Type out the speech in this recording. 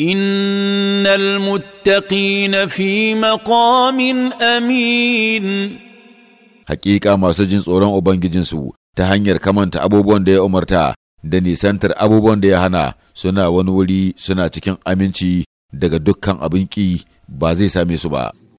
ان المتقين في مقام امين حقيقه masu jin tsoron ubangijinsu ta hanyar kamanta abubuwan da ya umarta da nisantar abubuwan da ya hana suna wani wuri suna cikin aminci daga dukkan abin ba zai same su ba